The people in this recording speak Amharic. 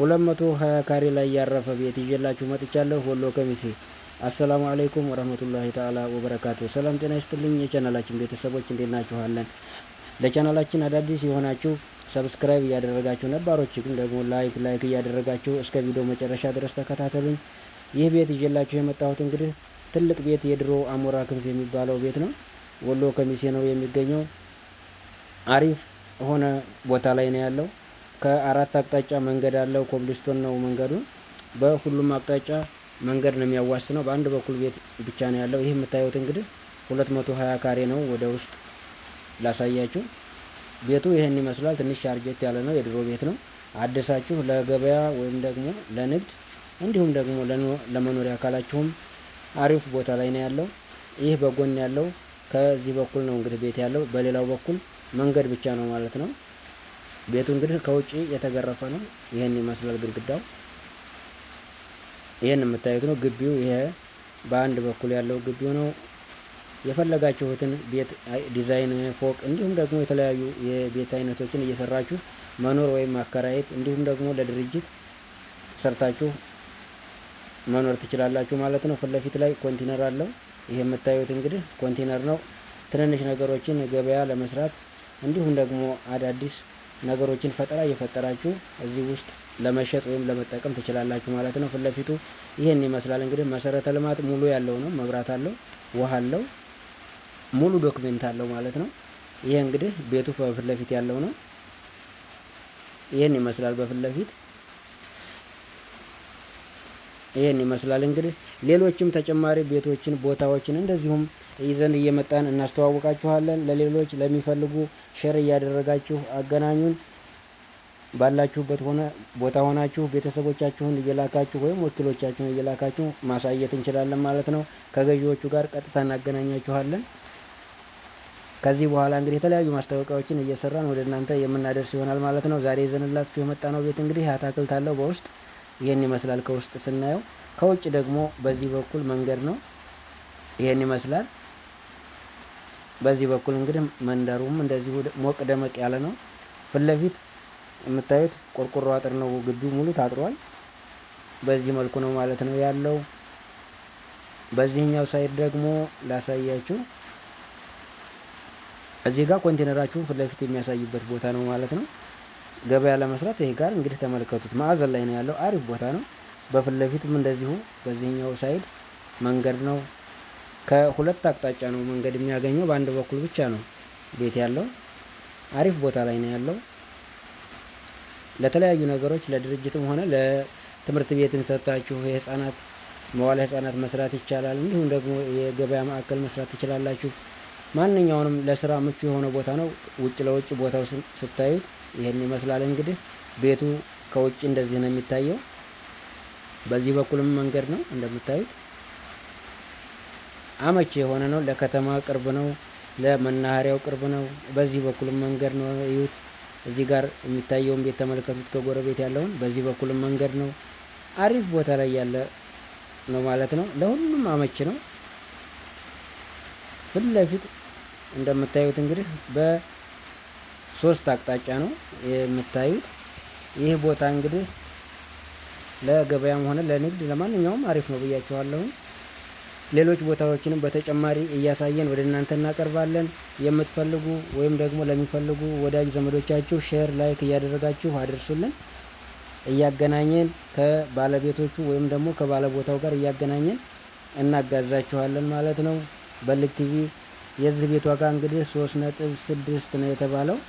220 መቶ ካሬ ላይ ያረፈ ቤት ይዤላችሁ መጥቻለሁ። ወሎ ከሚሴ። አሰላሙ አለይኩም ወረህመቱላሂ ተዓላ ወበረካቱ። ሰላም ጤና ይስጥልኝ የቻናላችን ቤተሰቦች እንዴት ናችኋለን? ለቻናላችን አዳዲስ የሆናችሁ ሰብስክራይብ እያደረጋችሁ ግን ደግሞ ላይክ ላይክ እያደረጋችሁ እስከ ቪዲዮ መጨረሻ ድረስ ተከታተሉኝ። ይህ ቤት ይዤላችሁ የመጣሁት እንግዲህ ትልቅ ቤት የድሮ አሞራ ክንፍ የሚባለው ቤት ነው። ወሎ ከሚሴ ነው የሚገኘው። አሪፍ ሆነ ቦታ ላይ ነው ያለው። ከአራት አቅጣጫ መንገድ አለው። ኮብልስቶን ነው መንገዱ። በሁሉም አቅጣጫ መንገድ ነው የሚያዋስነው። በአንድ በኩል ቤት ብቻ ነው ያለው። ይህ የምታዩት እንግዲህ ሁለት መቶ ሀያ ካሬ ነው። ወደ ውስጥ ላሳያችሁ። ቤቱ ይህን ይመስላል። ትንሽ አርጀት ያለ ነው። የድሮ ቤት ነው። አደሳችሁ ለገበያ ወይም ደግሞ ለንግድ እንዲሁም ደግሞ ለመኖሪያ አካላችሁም አሪፍ ቦታ ላይ ነው ያለው። ይህ በጎን ያለው ከዚህ በኩል ነው እንግዲህ ቤት ያለው። በሌላው በኩል መንገድ ብቻ ነው ማለት ነው። ቤቱ እንግዲህ ከውጪ የተገረፈ ነው። ይህን ይመስላል ግድግዳው። ይህን የምታዩት ነው ግቢው። ይሄ በአንድ በኩል ያለው ግቢው ነው። የፈለጋችሁትን ቤት ዲዛይን፣ ፎቅ እንዲሁም ደግሞ የተለያዩ የቤት አይነቶችን እየሰራችሁ መኖር ወይም ማከራየት እንዲሁም ደግሞ ለድርጅት ሰርታችሁ መኖር ትችላላችሁ ማለት ነው። ፊት ለፊት ላይ ኮንቲነር አለው። ይሄ የምታዩት እንግዲህ ኮንቲነር ነው። ትንንሽ ነገሮችን ገበያ ለመስራት እንዲሁም ደግሞ አዳዲስ ነገሮችን ፈጠራ እየፈጠራችሁ እዚህ ውስጥ ለመሸጥ ወይም ለመጠቀም ትችላላችሁ ማለት ነው። ፊት ለፊቱ ይህን ይመስላል እንግዲህ መሰረተ ልማት ሙሉ ያለው ነው። መብራት አለው፣ ውሃ አለው፣ ሙሉ ዶክሜንት አለው ማለት ነው። ይሄ እንግዲህ ቤቱ በፊት ለፊት ያለው ነው። ይህን ይመስላል በፊት ለፊት ይህን ይመስላል እንግዲህ። ሌሎችም ተጨማሪ ቤቶችን፣ ቦታዎችን እንደዚሁም ይዘን እየመጣን እናስተዋውቃችኋለን። ለሌሎች ለሚፈልጉ ሼር እያደረጋችሁ አገናኙን። ባላችሁበት ሆነ ቦታ ሆናችሁ ቤተሰቦቻችሁን እየላካችሁ ወይም ወኪሎቻችሁን እየላካችሁ ማሳየት እንችላለን ማለት ነው። ከገዢዎቹ ጋር ቀጥታ እናገናኛችኋለን። ከዚህ በኋላ እንግዲህ የተለያዩ ማስታወቂያዎችን እየሰራን ወደ እናንተ የምናደርስ ይሆናል ማለት ነው። ዛሬ ይዘንላችሁ የመጣ ነው ቤት እንግዲህ አታክልት አለው በውስጥ ይህን ይመስላል ከውስጥ ስናየው። ከውጭ ደግሞ በዚህ በኩል መንገድ ነው፣ ይህን ይመስላል። በዚህ በኩል እንግዲህ መንደሩም እንደዚሁ ሞቅ ደመቅ ያለ ነው። ፊት ለፊት የምታዩት ቆርቆሮ አጥር ነው። ግቢው ሙሉ ታጥሯል። በዚህ መልኩ ነው ማለት ነው ያለው። በዚህኛው ሳይድ ደግሞ ላሳያችሁ። እዚህ ጋር ኮንቴነራችሁን ፊት ለፊት የሚያሳይበት ቦታ ነው ማለት ነው። ገበያ ለመስራት ይሄ ጋር እንግዲህ ተመልከቱት። ማዕዘን ላይ ነው ያለው። አሪፍ ቦታ ነው። በፊት ለፊትም እንደዚሁ በዚህኛው ሳይድ መንገድ ነው። ከሁለት አቅጣጫ ነው መንገድ የሚያገኘው። በአንድ በኩል ብቻ ነው ቤት ያለው። አሪፍ ቦታ ላይ ነው ያለው። ለተለያዩ ነገሮች ለድርጅትም ሆነ ለትምህርት ቤትም ሰጥታችሁ የህጻናት መዋለ ህጻናት መስራት ይቻላል። እንዲሁም ደግሞ የገበያ ማዕከል መስራት ትችላላችሁ። ማንኛውንም ለስራ ምቹ የሆነ ቦታ ነው። ውጭ ለውጭ ቦታው ስታዩት ይህን ይመስላል እንግዲህ ቤቱ ከውጭ እንደዚህ ነው የሚታየው። በዚህ በኩልም መንገድ ነው እንደምታዩት፣ አመቺ የሆነ ነው። ለከተማ ቅርብ ነው፣ ለመናኸሪያው ቅርብ ነው። በዚህ በኩልም መንገድ ነው። እዩት፣ እዚህ ጋር የሚታየውን ቤት ተመልከቱት፣ ከጎረቤት ያለውን። በዚህ በኩልም መንገድ ነው። አሪፍ ቦታ ላይ ያለ ነው ማለት ነው። ለሁሉም አመቺ ነው። ፊት ለፊት እንደምታዩት እንግዲህ በ ሶስት አቅጣጫ ነው የምታዩት። ይህ ቦታ እንግዲህ ለገበያም ሆነ ለንግድ ለማንኛውም አሪፍ ነው ብያችኋለሁ። ሌሎች ቦታዎችንም በተጨማሪ እያሳየን ወደ እናንተ እናቀርባለን። የምትፈልጉ ወይም ደግሞ ለሚፈልጉ ወዳጅ ዘመዶቻችሁ ሼር፣ ላይክ እያደረጋችሁ አድርሱልን። እያገናኘን ከባለቤቶቹ ወይም ደግሞ ከባለቦታው ጋር እያገናኘን እናጋዛችኋለን ማለት ነው። በልግ ቲቪ የዚህ ቤት ዋጋ እንግዲህ ሶስት ነጥብ ስድስት ነው የተባለው።